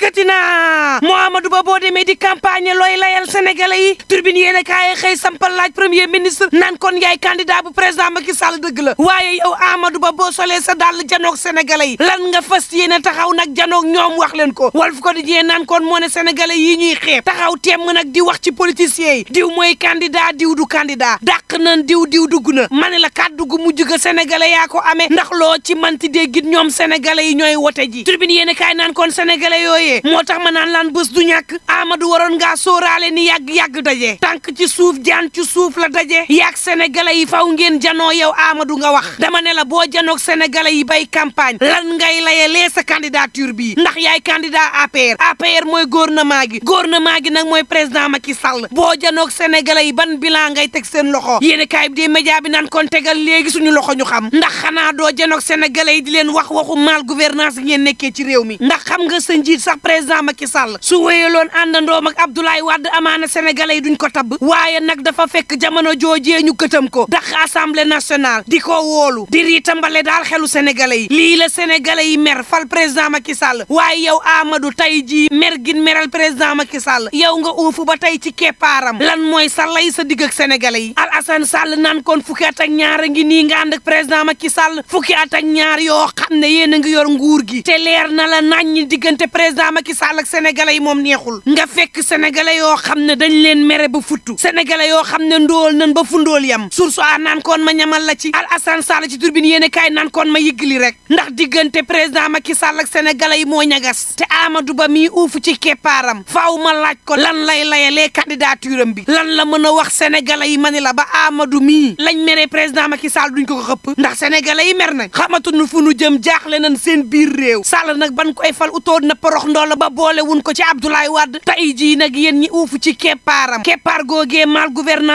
yëkkati na moo amadu Ba boo demee di campagne looy layal sénégalais yi turbine yéen a kaay xëy sampal laaj premier ministre naan kon yaay candidat bu président Macky Sall dëgg la waaye yow Amadou Ba boo solee sa dàll janoog sénégalais yi lan nga fas yéene taxaw nag janoog ñoom wax leen ko Walf Quotidien nan kon moo ne sénégalais yi ñuy xeeb taxaw teem nag di wax ci politiciens yi diw mooy candidat diw du candidat dàq nan diw diw dugg na ma ne la kàddu gu mujj ga sénégalais yaa ko amee loo ci manti déggit ñoom sénégalais yi ñooy wote ji turbine yéen a kaay naan kon sénégalais yooyu dajee moo tax ma naan laan bés du ñàkk Amadou waroon ngaa sóoraale ni yàgg-yàgg daje tànk ci suuf jaan ci suuf la dajee yaag sénégalais yi faw ngeen janoo yow amadu nga wax dama ne la boo janoog sénégalais yi bay campagne lan ngay layalee sa candidature bi ndax yaay candidat APR APR mooy góor gouvernement gi gouvernement gi nag mooy président ma Macky Sall boo janoog sénégalais yi ban bilan ngay teg seen loxo yéen kaay bi dee média bi naan kon tegal léegi suñu loxo ñu xam ndax xanaa doo janoog sénégalais yi di leen wax waxu mal gouvernance ngeen nekkee ci réew mi ndax président Macky Sall su wéyaloon àndandoom ak Abdoulaye Wade amaana sénégalais yi duñ ko tabb waaye nag dafa fekk jamono joojee ñu këtam ko dax assemblée nationale di ko woolu di riitambale daal xelu sénégalais yi lii la sénégalais yi mer fal président Macky Sall waaye yow Amadou tey jii mer gin meral président Macky Sall yow nga uufu ba tey ci keppaaram lan mooy sa lay sa digg ak sénégalais yi Al Hassan Sall naan kon fukki at ak ñaar ngi nii nga ànd président Macky Sall fukki at ak ñaar yoo xam ne yéen a ngi yor nguur gi te leer na la nañ diggante président président Macky Sall ak sénégalais yi moom neexul nga fekk sénégalais yoo xam ne dañ leen mere ba futtu sénégalais yoo xam ne ndóol nan ba fu ndóol yam source a nan koon ma ñamal la ci al Assane Sall ci turbine yéen kaay naan koon ma yëgli rek ndax diggante président Macky Sall ak yi moo ñagas te Amadou Ba mii uuf ci keppaaram faw ma laaj ko lan lay layalee candidature am bi lan la mën a wax sénégalais yi ma ni la ba Amadou mii lañ mere président Macky Sall duñ ko ko xëpp ndax sénégalais yi mer nañ xamatuñu fu nu jëm jaaxle nañ seen biir réew Sall nag ban koy toll ba boole wun ko ci Abdoulaye Wade tey jii nag yéen ñi uufu ci keppaaram keppaar googee mal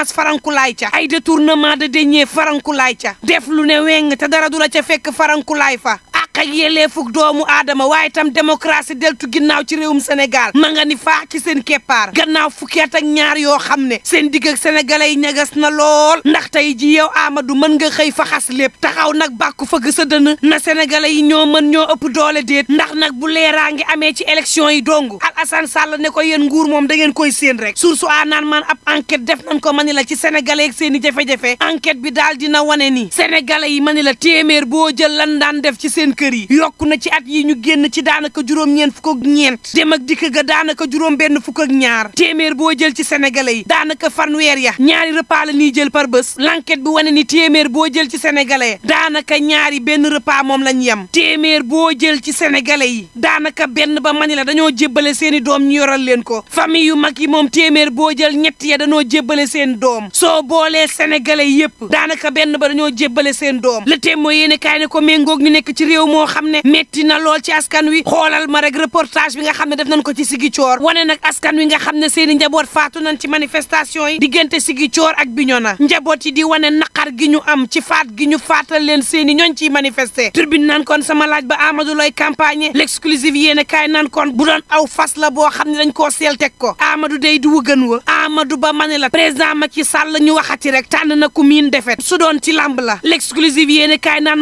faranku laay ca ay détournement de deniers farankulaay ca def lu ne weng te dara du la ca fekk faranku laay fa ak ak yelleefug doomu aadama waaye tam démocratie deltu ginnaaw ci réewum Sénégal ma ni faa ci seen keppaar gannaaw fukki at ak ñaar yoo xam ne seen digg ak yi ñagas na lool ndax tey ji yow Amadou mën nga xëy fa xas lépp taxaw nag bàkku fëgg sa dënn na sénégalais yi ñoo mën ñoo ëpp doole déet ndax nag bu leeraa ngi amee ci élection yi dong Alassane Sall ne ko yéen nguur moom da ngeen koy séen rek source a naan man ab enquête def nañ ko mani la ci sénégalais seen i jafe-jafe bi daal dina wane ni sénégalais yi mani la téeméer boo jël lan daan def ci seen kër kër yi yokk na ci at yi ñu génn ci daanaka juróom-ñeent fukk ak ñeent dem dikk ga daanaka juróom benn fukk ak ñaar téeméer boo jël ci sénégalais yi daanaka fanweer ya ñaari repas la ñuy jël par bés l'enquête bi wane ni téeméer boo jël ci sénégalais daanaka ñaari benn repas moom lañ yem téeméer boo jël ci senegale yi daanaka benn ba mani la dañoo jébbale seeni doom ñu yoral leen ko famille yu mag yi moom téeméer boo jël ñett ya dañoo jébbale seen doom soo boolee sénégalais yépp daanaka benn ba dañoo jébbale seen doom le témoin yéene kaay ko méngoog ñu nekk ci réew moo xam ne metti na lool ci askan wi xoolal ma rek reportage bi nga xam ne def nañ ko ci Sigi Coor wane nag askan wi nga xam ne seen i njaboot faatu nañ ci manifestation yi diggante Sigi Coor ak bi na njaboot yi di wane naqar gi ñu am ci faat gi ñu faatal leen seen i ñooñ ciy manifester tribune naan kon sama laaj ba Amadou lay campagne l'exclusive yéen a kaay naan kon bu doon aw fas la boo xam ne dañ koo seel teg ko Amadou day du gën wa Amadou Ba ma la président Macky Sall ñu waxati rek tànn na ku miin defet su ci làmb la l'exclusive a kaay naan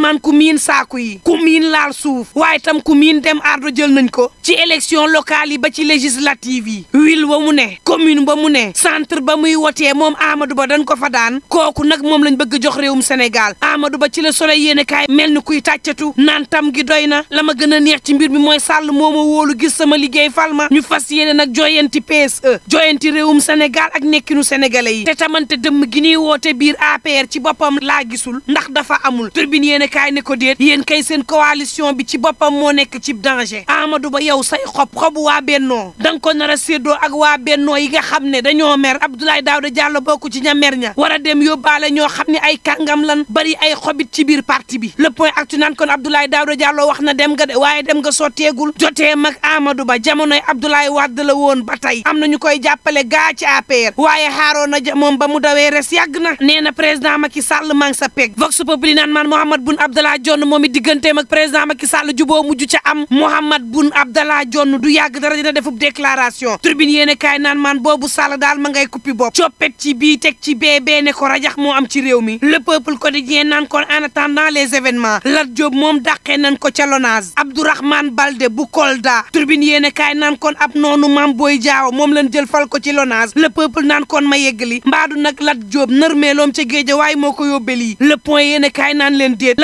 miin suuf waaye tam ku miin dem ardo jël nañ ko ci élection locale yi ba ci législative yi wil wa mu ne commune ba mu ne centre ba muy wotee moom Amadou Ba dañ ko fa daan kooku nag moom lañ bëgg jox réewum Sénégal Amadou Ba ci la soleil yéene kaay mel ni kuy tàccatu nantam gi doy na la ma gën a neex ci mbir mi mooy sàll moo ma wóolu gis sama liggéey fal ma ñu fas yéene nag joyanti PSE joyanti réewum Sénégal ak nekkinu sénégalais yi te tamante dëmm gi ñuy woote biir APR ci boppam laa gisul ndax dafa amul turbine yéene kaay ne ko déet yéen kay seen ko coalition bi ci boppam moo nekk ci danger Amadou Ba yow say xob xobu waa Bennoo da nga ko nar a ak waa Bennoo yi nga xam ne dañoo mer Abdoulaye Daouda Diallo bokku ci ña ña war a dem yóbbaale ñoo xam ne ay kàngam lan bari ay xobit ci biir parti bi le point actu naan kon Abdoulaye Daouda Diallo wax na dem nga de waaye dem nga sotteegul jotee mag Amadou Ba jamonoy Abdoulaye Wade la woon ba tey am na ñu koy jàppale gaa ci APR waaye xaaroon na moom ba mu dawee res yàgg na nee na président Macky Sall maa sa peg Vox Populi naan man Mahammed Boun Abdallah Dionne moom it digganteem président Macky Sall juboo mujj ca am Mohamed Boun Abdallah Dionne du yàgg dara dina defub déclaration tribune yéene kaay naan maan boobu Sall daal ma ngay kuppi bopp coppet ci bii teg ci bee bee ko rajax moo am ci réew mi le peuple quotidien naan kon en attendant les événements Lat Diop moom dàqee nañ ko ca Lonase Abdourahmane Balde bu Kolda tribune yéene kaay naan kon ab noonu Mame booy Diao moom lañ jël fal ko ci Lonase le naan kon ma yeggali mbaadu nag Lat Diop nërmeeloom ca géej waaye moo ko yóbbee lii le point yéene kaay naan leen déet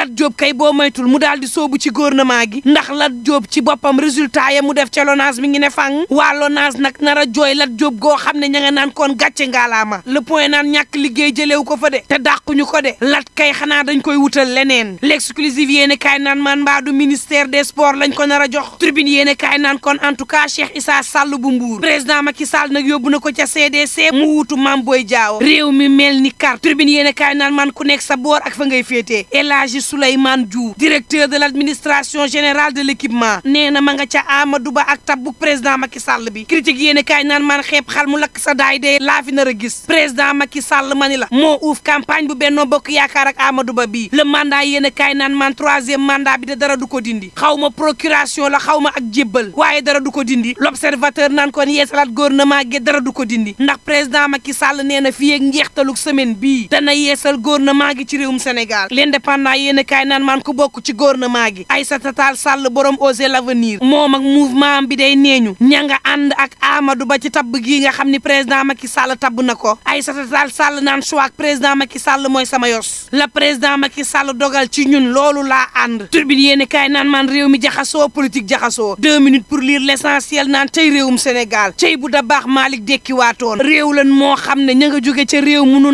mu daal di sóobu boobu ci gouvernement gi ndax Lat Diop ci boppam résultat ya mu def ca LONASE mi ngi ne fang waa LONASE nag nar a jooy Lat Diop goo xam ne ña nga naan koon gàcce ngaalaama le point naan ñàkk liggéey jëlewu ko fa de te ñu ko de lat kay xanaa dañ koy wutal leneen l'exclusive yéen kaay naan man mbaa du de des sports lañ ko nar a jox tribune yéen kaay naan kon en tout cas Cheikh Issa Sall bu Mbour président Macky Sall nag yóbbu na ko ca CDC mu wuutu Mame Boye Diao réew mi mel ni carte tribune yéen kaay naan man ku nekk sa boor ak fa ngay féetee El Hadji Souleymane Diouf administration générale de l'équipement nee na ma nga ca Amadou Ba ak tab bu président Macky Sall bi critique yéen kaay naan man xeeb xal mu lakk sa daay dee laa fi nar a gis président Macky Sall ma ni la moo uuf campagne bu bennoo bokk yaakaar ak Amadou Ba bii le mandat yéen kaay naan man troisième mandat bi de dara du ko dindi xaw ma procuration la xaw ma ak jébbal waaye dara du ko dindi l'observateur naan kon yeesalaat gouvernement gi dara du ko dindi ndax président Macky Sall nee na fii ak njeextaluk bii dana yeesal gouvernement gi ci réewum Sénégal l'indépendant yéen kaay naan man ku bokk ci gouvernement mouvement gi Aïssata Tall Sall borom Osez l'avenir moom ak mouvement bi day neeñu ña nga ànd ak Amadou Ba ci tabb gii nga xam ni président Macky Sall tabb na ko Aïssata Tall Sall naan choix président Macky Sall mooy sama yos la président Macky Sall dogal ci ñun loolu laa ànd turbine yéen kaay naan man réew mi jaxasoo politique jaxasoo deux minutes pour lire l'essentiel naan tey réewum Sénégal tey bu da baax Malick dekkiwaatoon réew lan moo xam ne ña nga jóge ca réew munu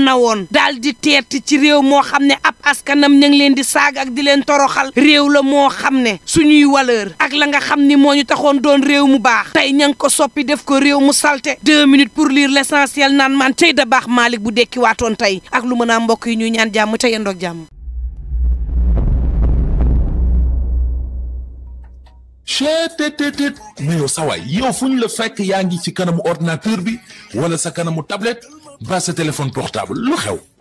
askanam ña ngi leen di saag ak di leen toroxal réew la moo xam ne suñuy valeur ak la nga xam ni moo ñu taxoon doon réew mu baax tey ña ngi ko soppi def ko réew mu salte deux minutes pour lire l'essentiel naan maan tey da baax Malick bu dekki waatoon tey ak lu mën a mbokk yi ñuy ñaan jàmm tey yendoog jàmm chetttt mais yow sawaay yow fu ñu la fekk yaa ngi ci kanamu ordinateur bi wala sa kanamu tablette ba sa téléphone portable lu xew